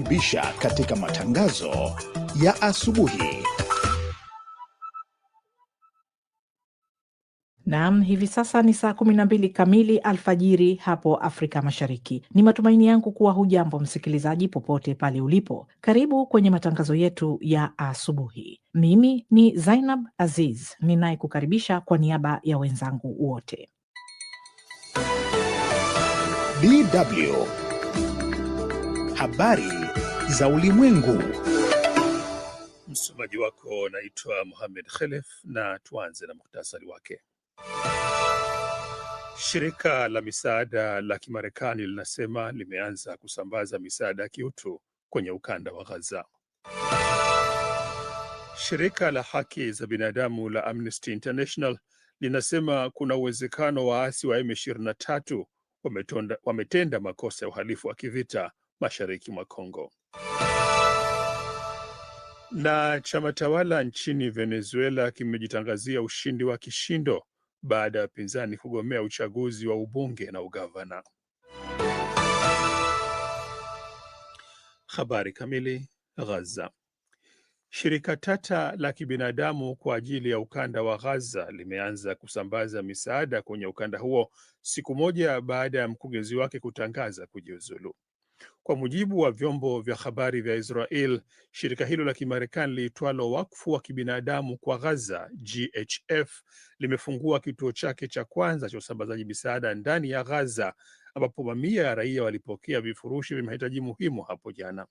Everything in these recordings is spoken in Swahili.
Bisha katika matangazo ya asubuhi. Naam, hivi sasa ni saa kumi na mbili kamili alfajiri hapo Afrika Mashariki. Ni matumaini yangu kuwa hujambo msikilizaji, popote pale ulipo. Karibu kwenye matangazo yetu ya asubuhi. Mimi ni Zainab Aziz ninayekukaribisha kwa niaba ya wenzangu wote. DW Habari za ulimwengu. Msomaji wako naitwa muhamed Khelef na tuanze na muhtasari wake. Shirika la misaada la Kimarekani linasema limeanza kusambaza misaada ya kiutu kwenye ukanda wa Gaza. Shirika la haki za binadamu la Amnesty International linasema kuna uwezekano waasi wa M23 wametenda makosa ya uhalifu wa kivita mashariki mwa Kongo. Na chama tawala nchini Venezuela kimejitangazia ushindi wa kishindo baada ya pinzani kugomea uchaguzi wa ubunge na ugavana. Habari kamili. ghaza Shirika tata la kibinadamu kwa ajili ya ukanda wa ghaza limeanza kusambaza misaada kwenye ukanda huo siku moja baada ya mkurugenzi wake kutangaza kujiuzulu. Kwa mujibu wa vyombo vya habari vya Israel, shirika hilo la Kimarekani liitwalo Wakfu wa Kibinadamu kwa Gaza, GHF, limefungua kituo chake cha kwanza cha usambazaji misaada ndani ya Gaza, ambapo mamia ya raia walipokea vifurushi vya mahitaji muhimu hapo jana.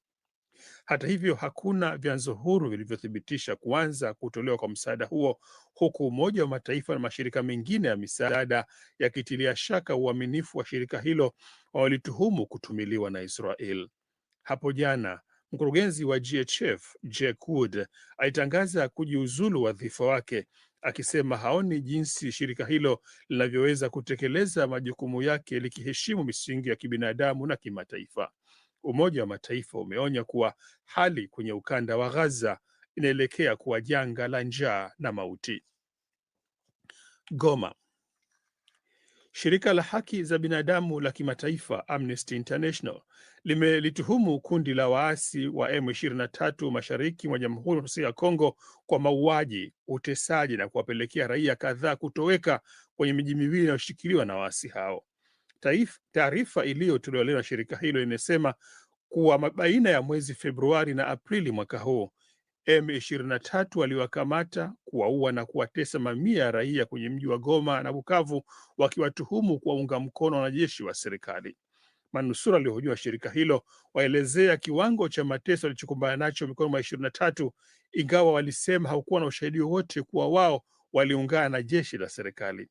Hata hivyo, hakuna vyanzo huru vilivyothibitisha kuanza kutolewa kwa msaada huo, huku Umoja wa Mataifa na mashirika mengine ya misaada yakitilia shaka uaminifu wa shirika hilo walituhumu kutumiliwa na Israel. Hapo jana mkurugenzi wa GHF Jack Wood alitangaza kujiuzulu wadhifa wake akisema haoni jinsi shirika hilo linavyoweza kutekeleza majukumu yake likiheshimu misingi ya kibinadamu na kimataifa. Umoja wa Mataifa umeonya kuwa hali kwenye ukanda wa Gaza inaelekea kuwa janga la njaa na mauti. Goma. Shirika la haki za binadamu la kimataifa Amnesty International limelituhumu kundi la waasi wa M23 mashariki mwa Jamhuri ya Kongo kwa mauaji, utesaji na kuwapelekea raia kadhaa kutoweka kwenye miji miwili inayoshikiliwa na waasi hao. Taarifa iliyotolewa na shirika hilo imesema kuwa baina ya mwezi Februari na Aprili mwaka huu M23 waliwakamata, kuwaua na kuwatesa mamia ya raia kwenye mji wa Goma na Bukavu, wakiwatuhumu kuwaunga mkono wanajeshi wa serikali. Manusura waliohojiwa shirika hilo waelezea kiwango cha mateso walichokumbana nacho mikono mwa na tatu ingawa walisema hakukuwa na ushahidi wowote kuwa wao waliungana na jeshi la serikali.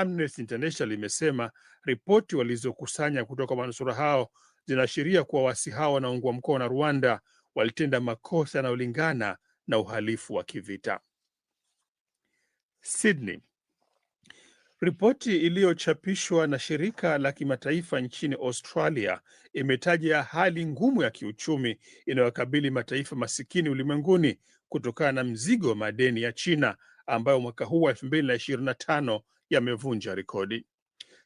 Amnesty International imesema ripoti walizokusanya kutoka manusura hao zinaashiria kuwa waasi hao wanaungwa mkono na Rwanda walitenda makosa yanayolingana na uhalifu wa kivita. Sydney. Ripoti iliyochapishwa na shirika la kimataifa nchini Australia imetaja hali ngumu ya kiuchumi inayokabili mataifa masikini ulimwenguni kutokana na mzigo wa madeni ya China ambayo mwaka huu wa 2025 yamevunja rekodi.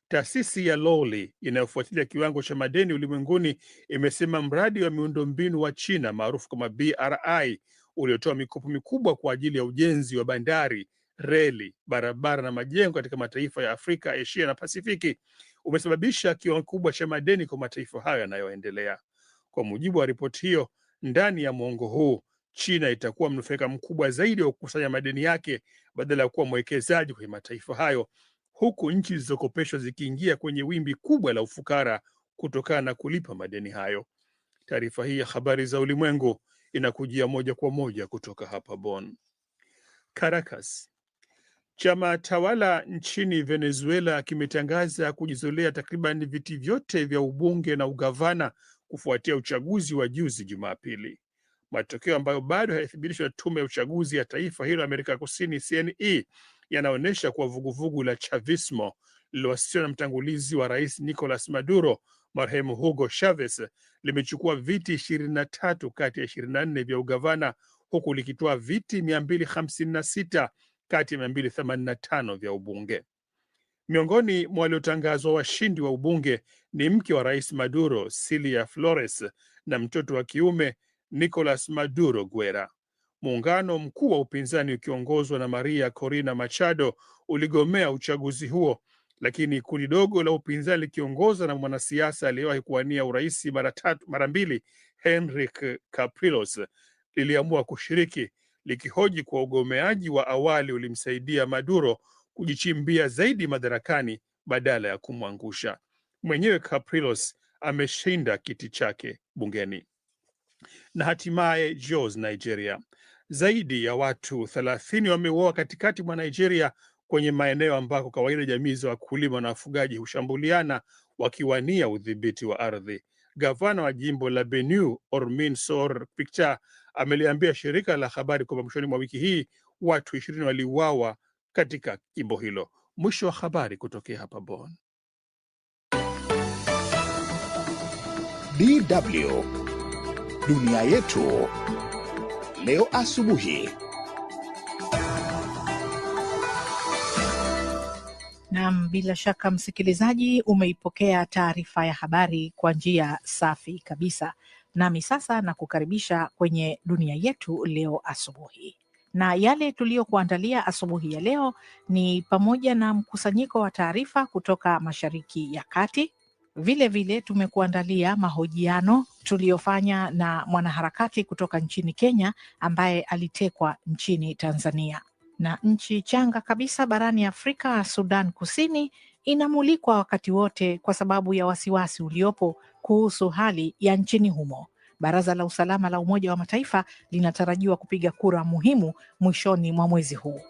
Taasisi ya loli inayofuatilia kiwango cha madeni ulimwenguni imesema mradi wa miundombinu wa China maarufu kama BRI uliotoa mikopo mikubwa kwa ajili ya ujenzi wa bandari, reli, barabara na majengo katika mataifa ya Afrika, Asia na Pasifiki umesababisha kiwango kikubwa cha madeni kwa mataifa hayo yanayoendelea. Kwa mujibu wa ripoti hiyo, ndani ya mwongo huu China itakuwa mnufaika mkubwa zaidi wa kukusanya madeni yake badala ya kuwa mwekezaji kwenye mataifa hayo, huku nchi zilizokopeshwa zikiingia kwenye wimbi kubwa la ufukara kutokana na kulipa madeni hayo. Taarifa hii ya habari za ulimwengu inakujia moja kwa moja kutoka hapa Bonn. Caracas. Chama tawala nchini Venezuela kimetangaza kujizolea takriban viti vyote vya ubunge na ugavana kufuatia uchaguzi wa juzi Jumapili matokeo ambayo bado hayathibitishwa na tume ya uchaguzi ya taifa hilo Amerika Kusini CNE yanaonyesha kuwa vuguvugu la Chavismo lililoasisiwa na mtangulizi wa rais Nicolas Maduro marehemu Hugo Chavez limechukua viti ishirini na tatu kati ya ishirini na nne vya ugavana huku likitoa viti mia mbili hamsini na sita kati ya mia mbili themanini na tano vya ubunge. Miongoni mwa waliotangazwa washindi wa ubunge ni mke wa rais Maduro, Cilia Flores, na mtoto wa kiume Nicolas Maduro Guerra. Muungano mkuu wa upinzani ukiongozwa na Maria Corina Machado uligomea uchaguzi huo, lakini kundi dogo la upinzani likiongozwa na mwanasiasa aliyewahi kuwania urais mara tatu mara mbili Henrik Capriles liliamua kushiriki likihoji kwa ugomeaji wa awali ulimsaidia Maduro kujichimbia zaidi madarakani badala ya kumwangusha mwenyewe. Capriles ameshinda kiti chake bungeni na hatimaye Jos, Nigeria. Zaidi ya watu thelathini wameuawa katikati mwa Nigeria kwenye maeneo ambako kawaida jamii za wakulima na wafugaji hushambuliana wakiwania udhibiti wa ardhi. Gavana wa jimbo la Benue Ormin Sor Piccha ameliambia shirika la habari kwamba mwishoni mwa wiki hii watu ishirini waliuawa katika jimbo hilo. Mwisho wa habari kutokea hapa Bonn. DW Dunia Yetu leo asubuhi. nam bila shaka msikilizaji, umeipokea taarifa ya habari kwa njia safi kabisa, nami sasa na kukaribisha kwenye Dunia Yetu leo asubuhi na yale tuliyokuandalia asubuhi ya leo ni pamoja na mkusanyiko wa taarifa kutoka Mashariki ya Kati, vile vile tumekuandalia mahojiano tuliyofanya na mwanaharakati kutoka nchini Kenya ambaye alitekwa nchini Tanzania. Na nchi changa kabisa barani Afrika, Sudan Kusini, inamulikwa wakati wote kwa sababu ya wasiwasi uliopo kuhusu hali ya nchini humo. Baraza la Usalama la Umoja wa Mataifa linatarajiwa kupiga kura muhimu mwishoni mwa mwezi huu.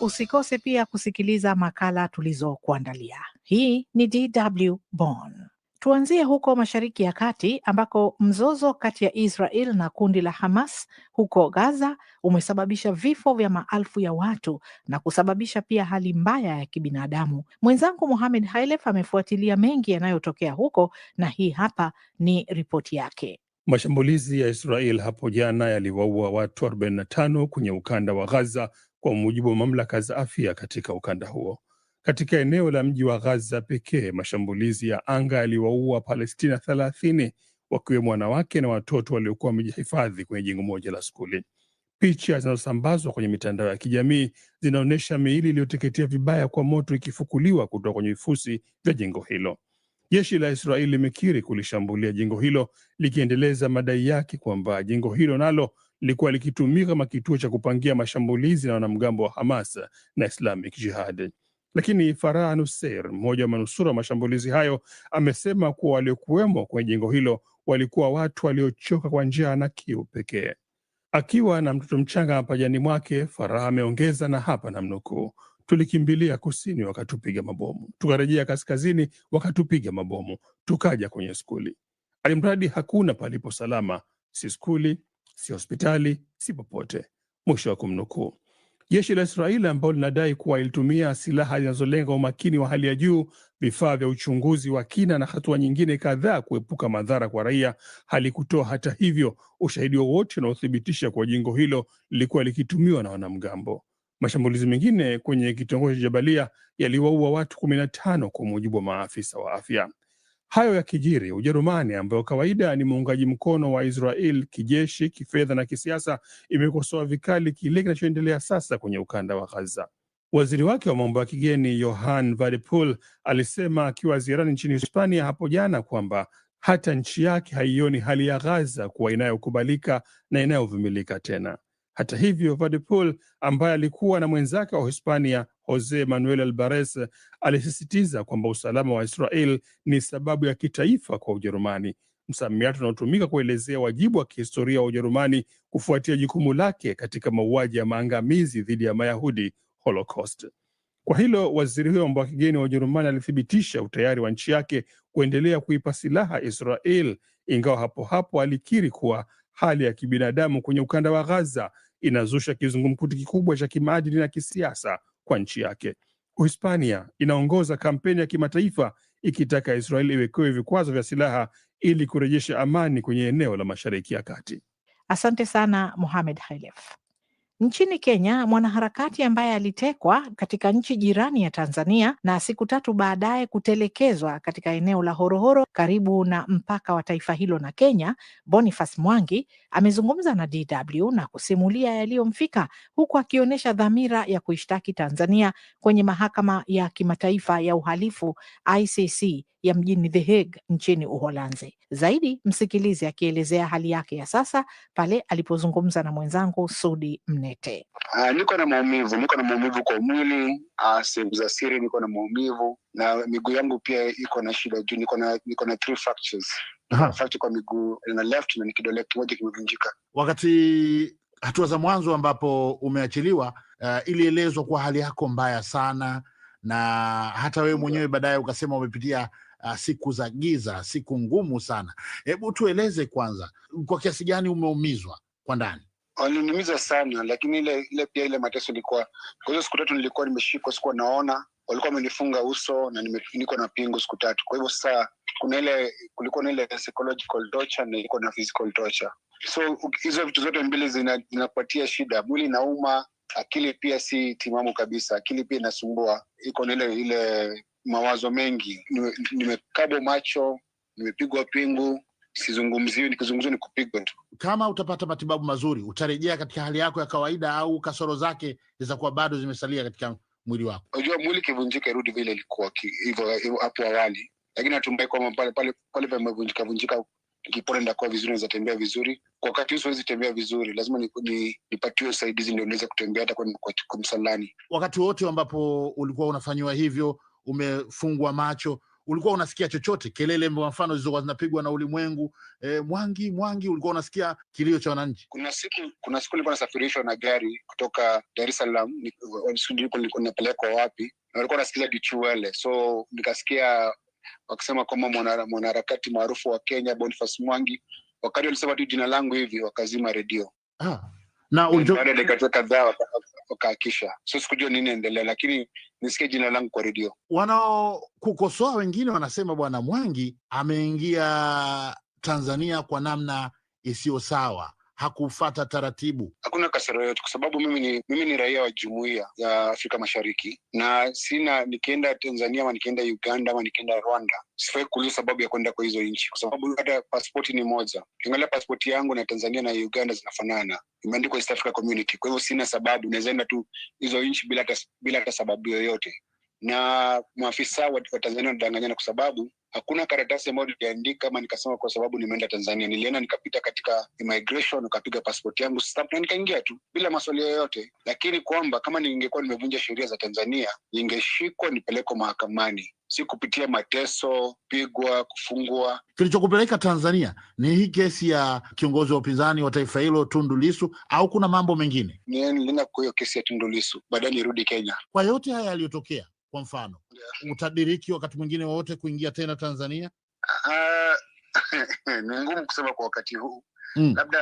Usikose pia kusikiliza makala tulizokuandalia. Hii ni DW bon Tuanzie huko Mashariki ya Kati ambako mzozo kati ya Israel na kundi la Hamas huko Gaza umesababisha vifo vya maalfu ya watu na kusababisha pia hali mbaya ya kibinadamu. Mwenzangu Mohamed Hailef amefuatilia mengi yanayotokea huko na hii hapa ni ripoti yake. Mashambulizi ya Israel hapo jana yaliwaua watu 45 kwenye ukanda wa Gaza kwa mujibu wa mamlaka za afya katika ukanda huo. Katika eneo la mji wa Ghaza pekee, mashambulizi ya anga yaliwaua Palestina thelathini wakiwemo wanawake na watoto waliokuwa wamejihifadhi kwenye jengo moja la skuli. Picha zinazosambazwa kwenye mitandao ya kijamii zinaonyesha miili iliyoteketea vibaya kwa moto ikifukuliwa kutoka kwenye vifusi vya jengo hilo. Jeshi la Israeli limekiri kulishambulia jengo hilo likiendeleza madai yake kwamba jengo hilo nalo lilikuwa likitumika kama kituo cha kupangia mashambulizi na wanamgambo wa Hamas na Islamic Jihad. Lakini Farah Nusseir, mmoja wa manusura wa mashambulizi hayo, amesema kuwa waliokuwemo kwenye jengo hilo walikuwa watu waliochoka kwa njaa na kiu pekee. Akiwa na mtoto mchanga pajani mwake, Farah ameongeza, na hapa namnukuu: tulikimbilia kusini wakatupiga mabomu, tukarejea kaskazini wakatupiga mabomu, tukaja kwenye skuli. Alimradi hakuna palipo salama, si skuli, si hospitali, si popote. Mwisho wa kumnukuu. Jeshi la Israeli ambalo linadai kuwa ilitumia silaha zinazolenga umakini wa hali ya juu, vifaa vya uchunguzi wa kina na hatua nyingine kadhaa kuepuka madhara kwa raia, halikutoa hata hivyo ushahidi wowote unaothibitisha kuwa jengo hilo lilikuwa likitumiwa na wanamgambo. Mashambulizi mengine kwenye kitongoji cha Jabalia yaliwaua watu kumi na tano kwa mujibu wa maafisa wa afya. Hayo ya kijiri Ujerumani ambayo kawaida ni muungaji mkono wa Israel kijeshi, kifedha na kisiasa, imekosoa vikali kile kinachoendelea sasa kwenye ukanda wa Gaza. Waziri wake wa mambo ya kigeni yohan Wadephul alisema akiwa ziarani nchini Hispania hapo jana kwamba hata nchi yake haioni hali ya Gaza kuwa inayokubalika na inayovumilika tena. Hata hivyo, Vadepool ambaye alikuwa na mwenzake wa Hispania Jose Manuel Albares alisisitiza kwamba usalama wa Israel ni sababu ya kitaifa kwa Ujerumani, msamiati unaotumika kuelezea wajibu wa kihistoria wa Ujerumani kufuatia jukumu lake katika mauaji ya maangamizi dhidi ya Mayahudi, Holocaust. Kwa hilo waziri huyo mambo ya kigeni wa Ujerumani alithibitisha utayari wa nchi yake kuendelea kuipa silaha Israel, ingawa hapo hapo alikiri kuwa hali ya kibinadamu kwenye ukanda wa Gaza inazusha kizungumkuti kikubwa cha kimaadili na kisiasa kwa nchi yake. Uhispania inaongoza kampeni ya kimataifa ikitaka Israeli iwekewe vikwazo vya silaha ili kurejesha amani kwenye eneo la Mashariki ya Kati. Asante sana Mohamed Khalef. Nchini Kenya, mwanaharakati ambaye alitekwa katika nchi jirani ya Tanzania na siku tatu baadaye kutelekezwa katika eneo la Horohoro karibu na mpaka wa taifa hilo na Kenya, Boniface Mwangi amezungumza na DW na kusimulia yaliyomfika huku akionyesha dhamira ya kuishtaki Tanzania kwenye mahakama ya kimataifa ya uhalifu ICC ya mjini The Hague nchini Uholanzi. Zaidi msikilizi akielezea hali yake ya sasa pale alipozungumza na mwenzangu Sudi Mnete. Uh, niko na maumivu, niko na maumivu kwa mwili, uh, ah, sehemu za siri niko na maumivu na miguu yangu pia iko na shida juu niko na niko na three fractures fracture kwa miguu na left na kidole kimoja kimevunjika. Wakati hatua za mwanzo ambapo umeachiliwa, uh, ilielezwa kuwa hali yako mbaya sana na hata wewe mwenyewe baadaye ukasema umepitia Ah, siku za giza, siku ngumu sana. Hebu tueleze kwanza, kwa kiasi gani umeumizwa kwa ndani? Waliniumiza ah, sana, lakini ile ile pia ile mateso ilikuwa kwa hizo siku tatu nilikuwa nimeshikwa, sikuwa naona, walikuwa wamenifunga uso na nimefunikwa na pingu siku tatu. Kwa hivyo sasa kuna ile kulikuwa na ile psychological torture na ilikuwa na physical torture. So hizo vitu zote mbili zinapatia zina shida, mwili inauma, akili pia si timamu kabisa, akili pia inasumbua, iko na ile ile mawazo mengi, nimekabwa macho, nimepigwa pingu, sizungumziwi, nikizungumziwa ni kupigwa tu. Kama utapata matibabu mazuri, utarejea katika hali yako ya kawaida, au kasoro zake zitakuwa bado zimesalia katika mwili wako? Unajua, mwili kivunjika irudi vile ilikuwa hivyo hapo awali, lakini natumbai kwamba pale pale pale pamevunjika vunjika nikipona nitakuwa vizuri, naweza tembea vizuri. Kwa wakati huu siwezi tembea vizuri, lazima nipatiwe usaidizi ndio niweze kutembea hata kwa msalani. Wakati wote ambapo ulikuwa unafanyiwa hivyo, umefungwa macho, ulikuwa unasikia chochote, kelele kwa mfano zilizokuwa zinapigwa na ulimwengu e, Mwangi Mwangi, ulikuwa unasikia kilio cha wananchi? Kuna siku kuna siku nilikuwa nasafirishwa na gari kutoka Dar es Salaam, napelekwa wapi, na walikuwa nasikiza Dichuele, so nikasikia wakisema kwamba mwanaharakati maarufu wa Kenya Boniface Mwangi, wakati walisema tu jina langu hivi wakazima redio. Ah, na unjo... kadhaa wakaakisha. So sikujua nini endelea, lakini nisikie jina langu kwa redio. Wanaokukosoa wengine wanasema Bwana Mwangi ameingia Tanzania kwa namna isiyo sawa hakufata taratibu? Hakuna kasoro yoyote, kwa sababu mimi ni, mimi ni raia wa jumuiya ya Afrika Mashariki na sina, nikienda Tanzania ama nikienda Uganda ama nikienda Rwanda sifai kuuliza sababu ya kwenda kwa hizo nchi, kwa sababu hata paspoti ni moja. Ukiangalia paspoti yangu na Tanzania na Uganda zinafanana, imeandikwa East Africa Community. Kwa hivyo sina sababu, naweza enda tu hizo nchi bila hata bila hata sababu yoyote na maafisa wa, wa Tanzania wanadanganyana kwa sababu hakuna karatasi ambayo niliandika ama nikasema kwa sababu nimeenda Tanzania. Nilienda nikapita katika immigration, nikapiga passport yangu stamp na nikaingia tu bila maswali yoyote, lakini kwamba kama ningekuwa nimevunja sheria za Tanzania ningeshikwa nipelekwa mahakamani, si kupitia mateso, pigwa, kufungwa. Kilichokupeleka Tanzania ni hii kesi ya kiongozi wa upinzani wa taifa hilo Tundu Lisu au kuna mambo mengine? Nilienda kwa hiyo kesi ya Tundu Lisu, baadaye nirudi Kenya. Kwa yote haya yaliyotokea kwa mfano yeah. Utadiriki wakati mwingine wowote kuingia tena Tanzania? Uh, ni ngumu kusema kwa wakati huu mm. Labda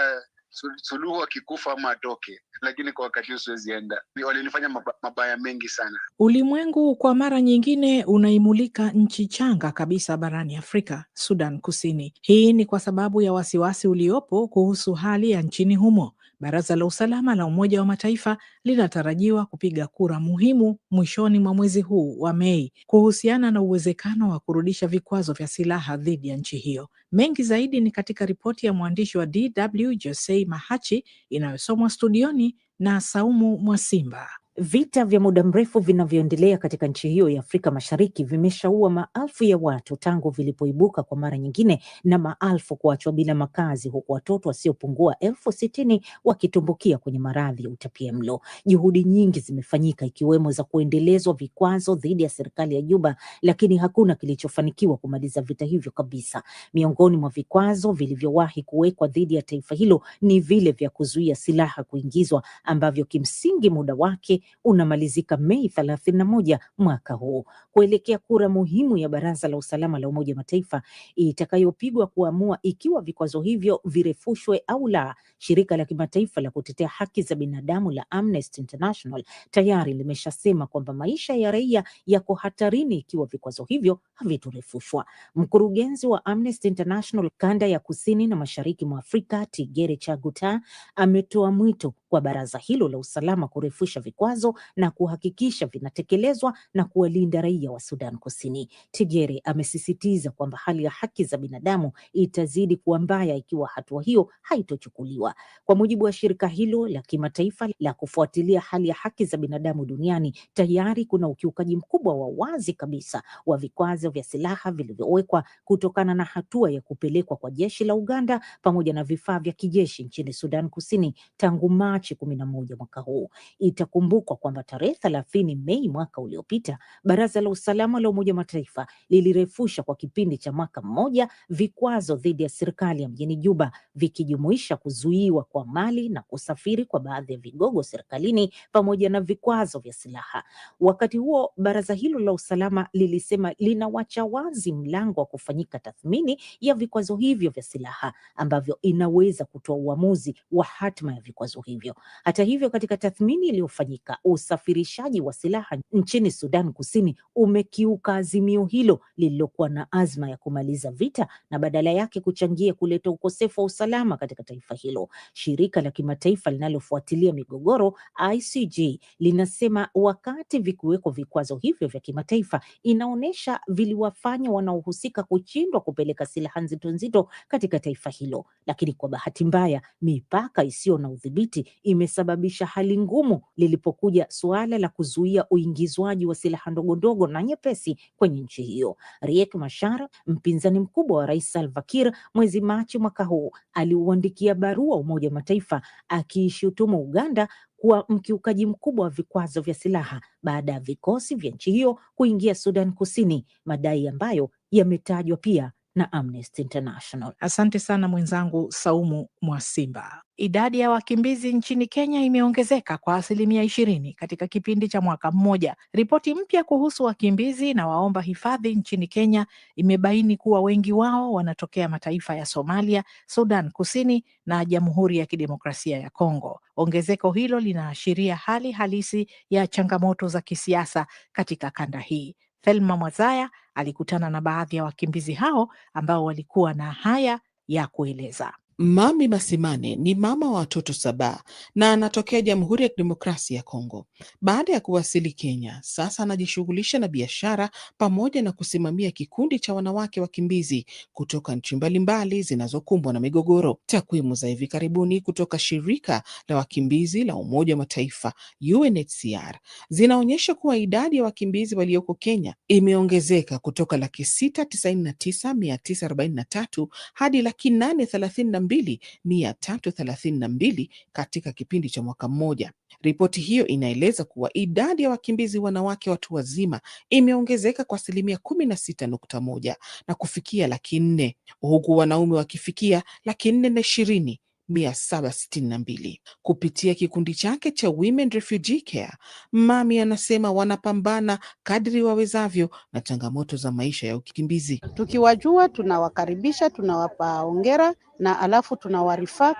Suluhu akikufa ama atoke, lakini kwa wakati huu siwezi enda. Walinifanya mabaya mengi sana. Ulimwengu kwa mara nyingine unaimulika nchi changa kabisa barani Afrika, Sudan Kusini. Hii ni kwa sababu ya wasiwasi uliopo kuhusu hali ya nchini humo. Baraza la Usalama la Umoja wa Mataifa linatarajiwa kupiga kura muhimu mwishoni mwa mwezi huu wa Mei kuhusiana na uwezekano wa kurudisha vikwazo vya silaha dhidi ya nchi hiyo. Mengi zaidi ni katika ripoti ya mwandishi wa DW Josei Mahachi inayosomwa studioni na Saumu Mwasimba. Vita vya muda mrefu vinavyoendelea katika nchi hiyo ya Afrika Mashariki vimeshaua maelfu ya watu tangu vilipoibuka kwa mara nyingine na maelfu kuachwa bila makazi, huku watoto wasiopungua elfu sitini wakitumbukia kwenye maradhi ya utapiamlo. Juhudi nyingi zimefanyika, ikiwemo za kuendelezwa vikwazo dhidi ya serikali ya Juba, lakini hakuna kilichofanikiwa kumaliza vita hivyo kabisa. Miongoni mwa vikwazo vilivyowahi kuwekwa dhidi ya taifa hilo ni vile vya kuzuia silaha kuingizwa, ambavyo kimsingi muda wake unamalizika Mei 31 mwaka huu kuelekea kura muhimu ya Baraza la Usalama la Umoja wa Mataifa itakayopigwa kuamua ikiwa vikwazo hivyo virefushwe au la. Shirika la kimataifa la kutetea haki za binadamu la Amnesty International tayari limeshasema kwamba maisha ya raia yako hatarini ikiwa vikwazo hivyo havitorefushwa. Mkurugenzi wa Amnesty International kanda ya kusini na mashariki mwa Afrika, Tigere Chaguta ametoa mwito kwa baraza hilo la usalama kurefusha vikwazo vikwazo na kuhakikisha vinatekelezwa na kuwalinda raia wa Sudan Kusini. Tigere amesisitiza kwamba hali ya haki za binadamu itazidi kuwa mbaya ikiwa hatua hiyo haitochukuliwa. Kwa mujibu wa shirika hilo la kimataifa la kufuatilia hali ya haki za binadamu duniani, tayari kuna ukiukaji mkubwa wa wazi kabisa wa vikwazo vya silaha vilivyowekwa kutokana na hatua ya kupelekwa kwa jeshi la Uganda pamoja na vifaa vya kijeshi nchini Sudan Kusini tangu Machi kumi na moja mwaka huu. Itakumbuka Itakumbukwa kwamba tarehe thelathini Mei mwaka uliopita Baraza la Usalama la Umoja wa Mataifa lilirefusha kwa kipindi cha mwaka mmoja vikwazo dhidi ya serikali ya mjini Juba, vikijumuisha kuzuiwa kwa mali na kusafiri kwa baadhi ya vigogo serikalini pamoja na vikwazo vya silaha. Wakati huo, baraza hilo la usalama lilisema linawacha wazi mlango wa kufanyika tathmini ya vikwazo hivyo vya silaha ambavyo inaweza kutoa uamuzi wa hatma ya vikwazo hivyo. Hata hivyo, katika tathmini iliyofanyika kutaka usafirishaji wa silaha nchini Sudan Kusini umekiuka azimio hilo lililokuwa na azma ya kumaliza vita na badala yake kuchangia kuleta ukosefu wa usalama katika taifa hilo. Shirika la kimataifa linalofuatilia migogoro ICJ linasema wakati vikiweko vikwazo hivyo vya kimataifa, inaonyesha viliwafanya wanaohusika kushindwa kupeleka silaha nzito nzito katika taifa hilo, lakini kwa bahati mbaya mipaka isiyo na udhibiti imesababisha hali ngumu lilipokuwa linakuja suala la kuzuia uingizwaji wa silaha ndogondogo na nyepesi kwenye nchi hiyo. Riek Machar, mpinzani mkubwa wa rais Salva Kiir, mwezi Machi mwaka huu aliuandikia barua Umoja wa Mataifa akiishutumu Uganda kuwa mkiukaji mkubwa wa vikwazo vya silaha baada ya vikosi vya nchi hiyo kuingia Sudan Kusini, madai ambayo yametajwa pia na Amnesty International. Asante sana mwenzangu Saumu Mwasimba. Idadi ya wakimbizi nchini Kenya imeongezeka kwa asilimia ishirini katika kipindi cha mwaka mmoja. Ripoti mpya kuhusu wakimbizi na waomba hifadhi nchini Kenya imebaini kuwa wengi wao wanatokea mataifa ya Somalia, Sudan Kusini na Jamhuri ya Kidemokrasia ya Kongo. Ongezeko hilo linaashiria hali halisi ya changamoto za kisiasa katika kanda hii. Thelma Mwazaya alikutana na baadhi ya wakimbizi hao ambao walikuwa na haya ya kueleza. Mami Masimane ni mama wa watoto saba na anatokea Jamhuri ya Kidemokrasia ya Kongo. Baada ya kuwasili Kenya, sasa anajishughulisha na biashara pamoja na kusimamia kikundi cha wanawake wakimbizi kutoka nchi mbalimbali zinazokumbwa na migogoro. Takwimu za hivi karibuni kutoka shirika la wakimbizi la Umoja wa Mataifa UNHCR zinaonyesha kuwa idadi ya wakimbizi walioko Kenya imeongezeka kutoka laki sita tisini na tisa mia tisa arobaini na tatu hadi laki nane thelathini na mbili mia tatu thelathini na mbili katika kipindi cha mwaka mmoja. Ripoti hiyo inaeleza kuwa idadi ya wakimbizi wanawake watu wazima imeongezeka kwa asilimia kumi na sita nukta moja na kufikia laki nne huku wanaume wakifikia laki nne na ishirini 762. Kupitia kikundi chake cha Women Refugee Care, Mami anasema wanapambana kadri wawezavyo na changamoto za maisha ya ukimbizi. Tukiwajua tunawakaribisha, tunawapa ongera na alafu tunawarifa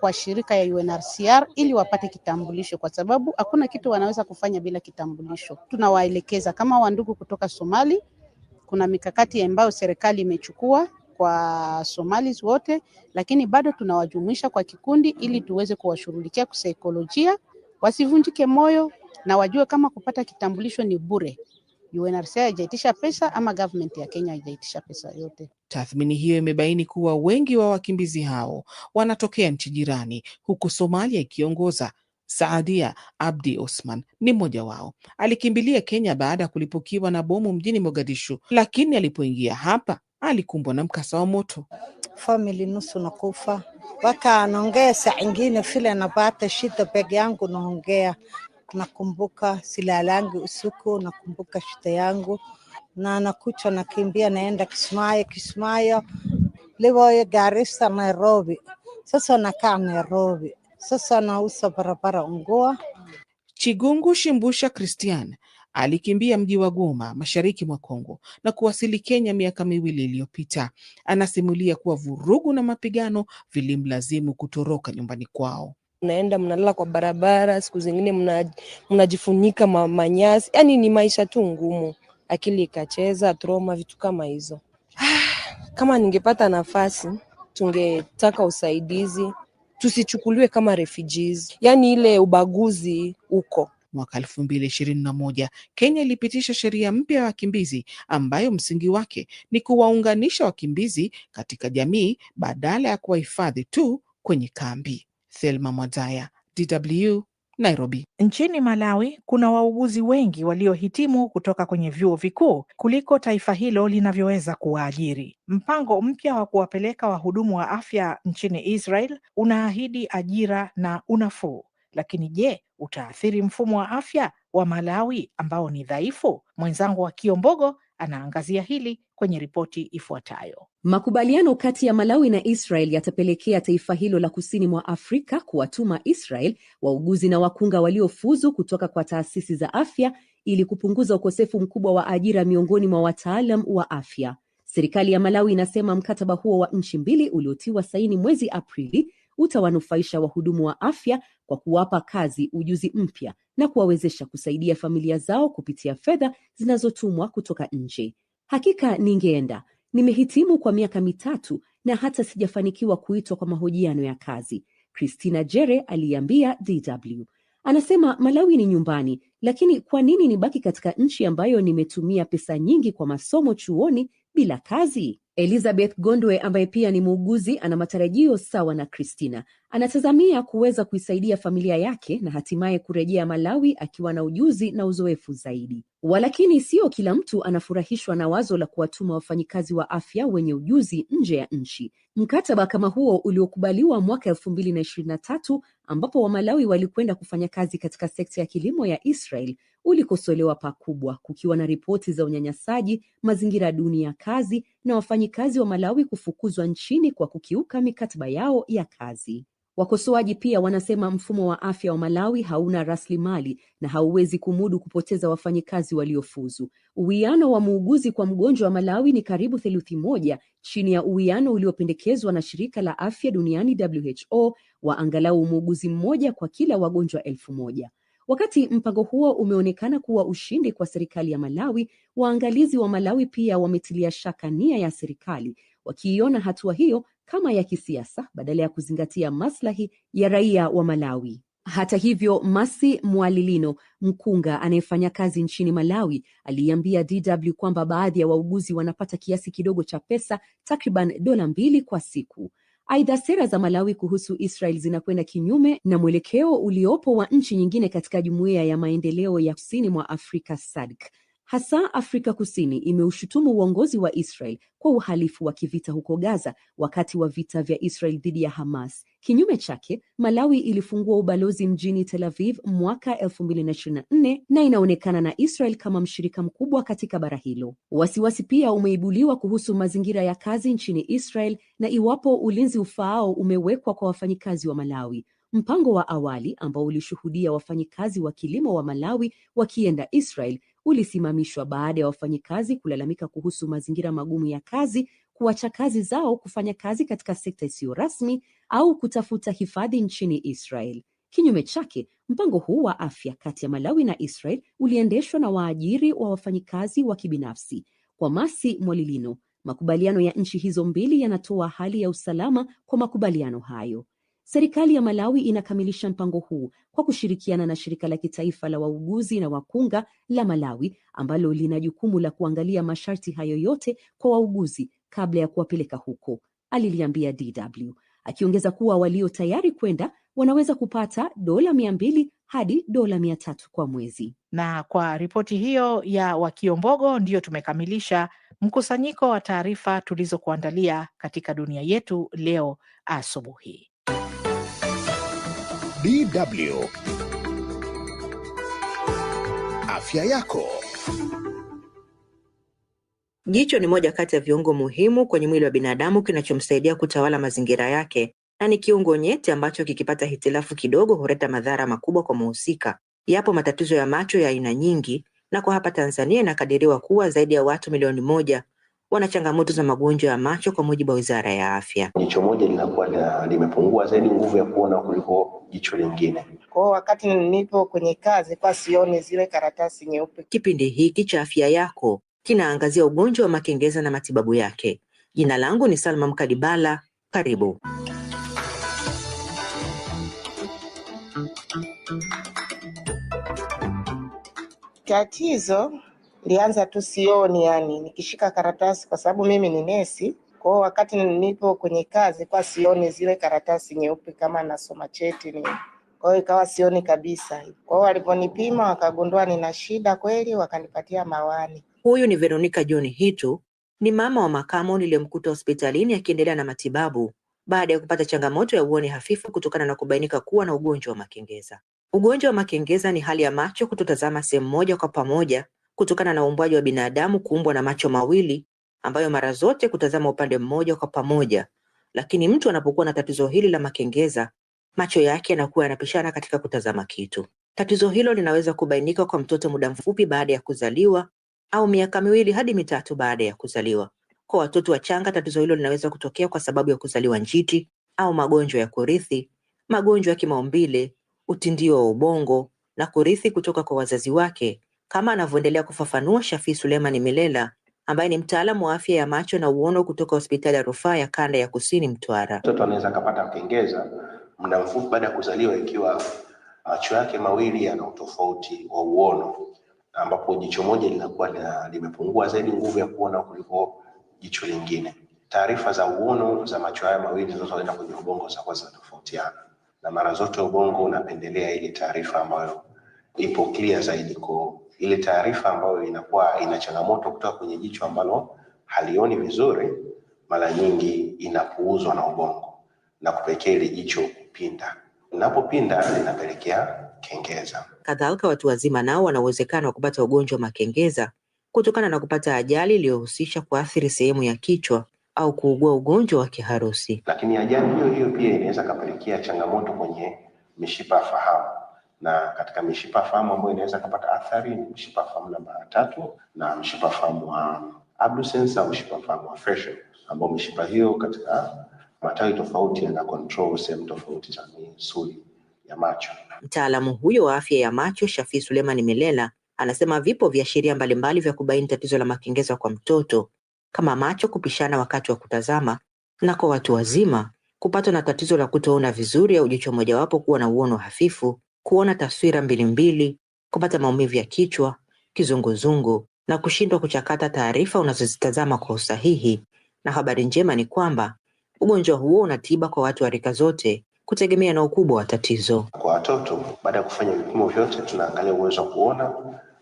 kwa shirika ya unrcr ili wapate kitambulisho, kwa sababu hakuna kitu wanaweza kufanya bila kitambulisho. Tunawaelekeza kama wandugu kutoka Somali, kuna mikakati ambayo serikali imechukua kwa Somalis wote, lakini bado tunawajumuisha kwa kikundi ili tuweze kuwashughulikia kisaikolojia, wasivunjike moyo na wajue kama kupata kitambulisho ni bure. UNRC haijaitisha pesa ama government ya Kenya haijaitisha pesa yote. Tathmini hiyo imebaini kuwa wengi wa wakimbizi hao wanatokea nchi jirani, huku Somalia ikiongoza. Saadia Abdi Osman ni mmoja wao. Alikimbilia Kenya baada ya kulipukiwa na bomu mjini Mogadishu, lakini alipoingia hapa alikumbwa na mkasa wa moto. Famili nusu nakufa, waka naongea saa ingine vile napata shida peke yangu, naongea nakumbuka silalangi usiku, nakumbuka shida yangu na nakucha nakimbia, naenda Kismayo, Kismayo livoyo Garissa, Nairobi. Sasa nakaa Nairobi, sasa nausa barabara ungoa Chigungu Shimbusha Christian Alikimbia mji wa Goma mashariki mwa Kongo na kuwasili Kenya miaka miwili iliyopita. Anasimulia kuwa vurugu na mapigano vilimlazimu kutoroka nyumbani kwao. Mnaenda mnalala kwa barabara, siku zingine mnajifunika mna manyasi. Yaani ni maisha tu ngumu, akili ikacheza troma, vitu kama hizo. Kama ningepata nafasi, tungetaka usaidizi tusichukuliwe kama refugees, yaani ile ubaguzi uko mwaka moja Kenya ilipitisha sheria mpya ya wakimbizi ambayo msingi wake ni kuwaunganisha wakimbizi katika jamii badala ya kuwahifadhi tu kwenye kambi. Thelma Mwazaya, DW Nairobi. Nchini Malawi kuna wauguzi wengi waliohitimu kutoka kwenye vyuo vikuu kuliko taifa hilo linavyoweza kuwaajiri. Mpango mpya wa kuwapeleka wahudumu wa afya nchini Israel unaahidi ajira na unafuu, lakini je, utaathiri mfumo wa afya wa Malawi ambao ni dhaifu? Mwenzangu wa Kiombogo anaangazia hili kwenye ripoti ifuatayo. Makubaliano kati ya Malawi na Israel yatapelekea taifa hilo la kusini mwa Afrika kuwatuma Israel wauguzi na wakunga waliofuzu kutoka kwa taasisi za afya ili kupunguza ukosefu mkubwa wa ajira miongoni mwa wataalam wa afya. Serikali ya Malawi inasema mkataba huo wa nchi mbili uliotiwa saini mwezi Aprili utawanufaisha wahudumu wa afya kwa kuwapa kazi, ujuzi mpya na kuwawezesha kusaidia familia zao kupitia fedha zinazotumwa kutoka nje. Hakika ningeenda. Nimehitimu kwa miaka mitatu na hata sijafanikiwa kuitwa kwa mahojiano ya kazi, kristina Jere aliambia DW. Anasema Malawi ni nyumbani, lakini kwa nini nibaki katika nchi ambayo nimetumia pesa nyingi kwa masomo chuoni bila kazi? Elizabeth Gondwe ambaye pia ni muuguzi ana matarajio sawa na kristina Anatazamia kuweza kuisaidia familia yake na hatimaye kurejea Malawi akiwa na ujuzi na uzoefu zaidi. Walakini sio kila mtu anafurahishwa na wazo la kuwatuma wafanyikazi wa afya wenye ujuzi nje ya nchi. Mkataba kama huo uliokubaliwa mwaka elfu mbili na ishirini na tatu ambapo Wamalawi walikwenda kufanya kazi katika sekta ya kilimo ya Israel ulikosolewa pakubwa, kukiwa na ripoti za unyanyasaji, mazingira duni ya kazi na wafanyikazi wa Malawi kufukuzwa nchini kwa kukiuka mikataba yao ya kazi. Wakosoaji pia wanasema mfumo wa afya wa Malawi hauna rasilimali na hauwezi kumudu kupoteza wafanyikazi waliofuzu. Uwiano wa muuguzi kwa mgonjwa wa Malawi ni karibu theluthi moja chini ya uwiano uliopendekezwa na Shirika la Afya Duniani WHO wa angalau muuguzi mmoja kwa kila wagonjwa elfu moja. Wakati mpango huo umeonekana kuwa ushindi kwa serikali ya Malawi, waangalizi wa Malawi pia wametilia shaka nia ya serikali, wakiiona hatua hiyo kama ya kisiasa badala ya kuzingatia maslahi ya raia wa Malawi. Hata hivyo, Masi Mwalilino, mkunga anayefanya kazi nchini Malawi, aliambia DW kwamba baadhi ya wauguzi wanapata kiasi kidogo cha pesa, takriban dola mbili kwa siku. Aidha, sera za Malawi kuhusu Israel zinakwenda kinyume na mwelekeo uliopo wa nchi nyingine katika Jumuiya ya Maendeleo ya Kusini mwa Afrika SADC. Hasa Afrika Kusini imeushutumu uongozi wa Israel kwa uhalifu wa kivita huko Gaza wakati wa vita vya Israel dhidi ya Hamas. Kinyume chake, Malawi ilifungua ubalozi mjini Tel Aviv mwaka 2024 na inaonekana na Israel kama mshirika mkubwa katika bara hilo. Wasiwasi pia umeibuliwa kuhusu mazingira ya kazi nchini Israel na iwapo ulinzi ufaao umewekwa kwa wafanyikazi wa Malawi. Mpango wa awali ambao ulishuhudia wafanyikazi wa kilimo wa Malawi wakienda Israel ulisimamishwa baada ya wafanyikazi kulalamika kuhusu mazingira magumu ya kazi, kuacha kazi zao, kufanya kazi katika sekta isiyo rasmi au kutafuta hifadhi nchini Israel. Kinyume chake, mpango huu wa afya kati ya Malawi na Israel uliendeshwa na waajiri wa wafanyikazi wa kibinafsi. Kwa Masi Mwalilino, makubaliano ya nchi hizo mbili yanatoa hali ya usalama kwa makubaliano hayo. Serikali ya Malawi inakamilisha mpango huu kwa kushirikiana na shirika la kitaifa la wauguzi na wakunga la Malawi ambalo lina jukumu la kuangalia masharti hayo yote kwa wauguzi kabla ya kuwapeleka huko, aliliambia DW, akiongeza kuwa walio tayari kwenda wanaweza kupata dola mia mbili hadi dola mia tatu kwa mwezi. Na kwa ripoti hiyo ya Wakiombogo, ndiyo tumekamilisha mkusanyiko wa taarifa tulizokuandalia katika Dunia Yetu Leo asubuhi. DW Afya Yako. Jicho ni moja kati ya viungo muhimu kwenye mwili wa binadamu kinachomsaidia kutawala mazingira yake na ni kiungo nyeti ambacho kikipata hitilafu kidogo huleta madhara makubwa kwa mhusika. Yapo matatizo ya macho ya aina nyingi, na kwa hapa Tanzania inakadiriwa kuwa zaidi ya watu milioni moja wana changamoto za magonjwa ya macho, kwa mujibu wa Wizara ya Afya. Jicho moja linakuwa limepungua zaidi nguvu ya kuona kuliko jicho lingine. Kwa wakati nipo kwenye kazi kwa sioni zile karatasi nyeupe. Kipindi hiki cha Afya Yako kinaangazia ugonjwa wa makengeza na matibabu yake. Jina langu ni Salma Mkadibala, karibu. Tatizo nilianza tu sioni, yani nikishika karatasi, kwa sababu mimi ni nesi. Kwa wakati nilipo kwenye kazi kwa sioni zile karatasi nyeupe kama nasoma cheti ni kwa hiyo ikawa sioni kabisa. Kwa hiyo waliponipima wakagundua nina shida kweli, wakanipatia mawani. Huyu ni Veronica John Hitu, ni mama wa makamo niliyemkuta hospitalini akiendelea na matibabu baada ya kupata changamoto ya uoni hafifu kutokana na kubainika kuwa na ugonjwa wa makengeza. Ugonjwa wa makengeza ni hali ya macho kutotazama sehemu moja kwa pamoja kutokana na uumbwaji wa binadamu kuumbwa na macho mawili ambayo mara zote kutazama upande mmoja kwa pamoja, lakini mtu anapokuwa na tatizo hili la makengeza, macho yake yanakuwa yanapishana katika kutazama kitu. Tatizo hilo linaweza kubainika kwa mtoto muda mfupi baada ya kuzaliwa au miaka miwili hadi mitatu baada ya kuzaliwa. Kwa watoto wachanga, tatizo hilo linaweza kutokea kwa sababu ya kuzaliwa njiti au magonjwa ya kurithi, magonjwa ya kimaumbile, utindio wa ubongo na kurithi kutoka kwa wazazi wake kama anavyoendelea kufafanua Shafii Suleiman Milela ambaye ni mtaalamu wa afya ya macho na uono kutoka hospitali ya rufaa ya kanda ya kusini Mtwara. Mtoto anaweza akapata kengeza muda mfupi baada ya kuzaliwa, ikiwa macho yake mawili yana utofauti wa uono, ambapo jicho moja linakuwa limepungua zaidi nguvu ya kuona kuliko jicho lingine. Taarifa za uono za macho haya mawili zinazoenda kwenye ubongo zinakuwa zinatofautiana, na mara zote ubongo unapendelea ile taarifa ambayo ipo clear zaidi kwa ile taarifa ambayo inakuwa ina changamoto kutoka kwenye jicho ambalo halioni vizuri, mara nyingi inapuuzwa na ubongo na kupelekea ile jicho kupinda. Linapopinda linapelekea kengeza. Kadhalika, watu wazima nao wana uwezekano wa kupata ugonjwa wa makengeza kutokana na kupata ajali iliyohusisha kuathiri sehemu ya kichwa au kuugua ugonjwa wa kiharusi. Lakini ajali hiyo hiyo pia inaweza kapelekea changamoto kwenye mishipa ya fahamu na katika mishipa fahamu ambayo inaweza kupata athari ni mshipa fahamu namba tatu na mshipa fahamu wa abducens au mshipa fahamu wa facial, ambao mishipa hiyo katika matawi tofauti yana control sehemu tofauti za misuli ya macho. Mtaalamu huyo wa afya ya macho Shafii Suleiman Milela anasema vipo viashiria mbalimbali vya kubaini tatizo la makengezo kwa mtoto kama macho kupishana wakati wa kutazama, na kwa watu wazima kupatwa na tatizo la kutoona vizuri au jicho mojawapo kuwa na uono hafifu kuona taswira mbilimbili, kupata maumivu ya kichwa, kizunguzungu na kushindwa kuchakata taarifa unazozitazama kwa usahihi. Na habari njema ni kwamba ugonjwa huo una tiba kwa watu wa rika zote kutegemea na ukubwa wa tatizo. Kwa watoto, baada ya kufanya vipimo vyote, tunaangalia uwezo wa kuona,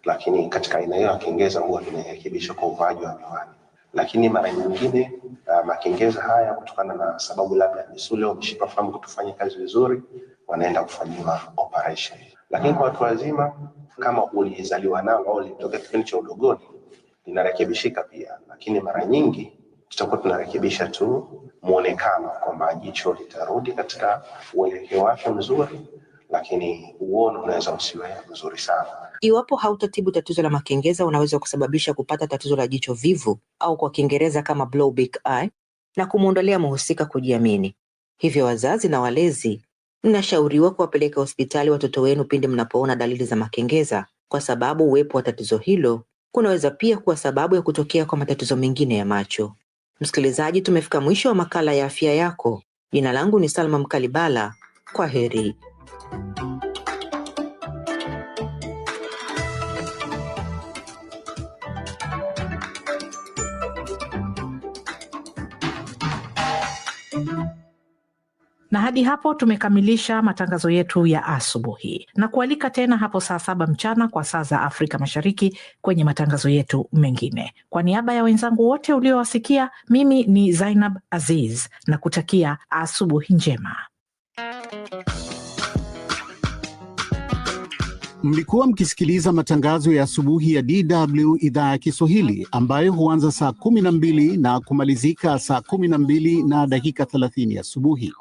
lakini katika aina hiyo akengeza huwa tunarekebisha kwa uvaaji wa miwani, lakini mara nyingine uh, ah, makengeza haya kutokana na sababu labda misuli au mishipa fahamu kutofanya kazi vizuri wanaenda kufanyiwa operation. Lakini kwa watu wazima, kama ulizaliwa nao au ulitokea kipindi cha udogoni, linarekebishika pia, lakini mara nyingi tutakuwa tunarekebisha tu mwonekano kwamba jicho litarudi katika uelekeo wake mzuri, lakini uono unaweza usiwe mzuri sana. Iwapo hautatibu tatizo la makengeza, unaweza kusababisha kupata tatizo la jicho vivu au kwa Kiingereza kama eye na kumwondolea mhusika kujiamini. Hivyo wazazi na walezi mnashauriwa kuwapeleka hospitali watoto wenu pindi mnapoona dalili za makengeza, kwa sababu uwepo wa tatizo hilo kunaweza pia kuwa sababu ya kutokea kwa matatizo mengine ya macho. Msikilizaji, tumefika mwisho wa makala ya afya yako. Jina langu ni Salma Mkalibala. Kwa heri. na hadi hapo tumekamilisha matangazo yetu ya asubuhi na kualika tena hapo saa saba mchana kwa saa za Afrika Mashariki kwenye matangazo yetu mengine. Kwa niaba ya wenzangu wote uliowasikia, mimi ni Zainab Aziz na kutakia asubuhi njema. Mlikuwa mkisikiliza matangazo ya asubuhi ya DW idhaa ya Kiswahili ambayo huanza saa 12 na kumalizika saa 12 na dakika 30 asubuhi.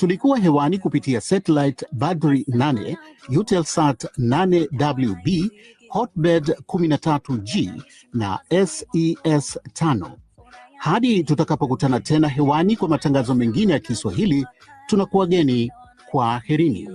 Tulikuwa hewani kupitia satellite Badri 8, Utelsat 8WB, Hotbed 13G na SES 5. E Hadi tutakapokutana tena hewani kwa matangazo mengine ya Kiswahili, tunakuwageni kwa herini.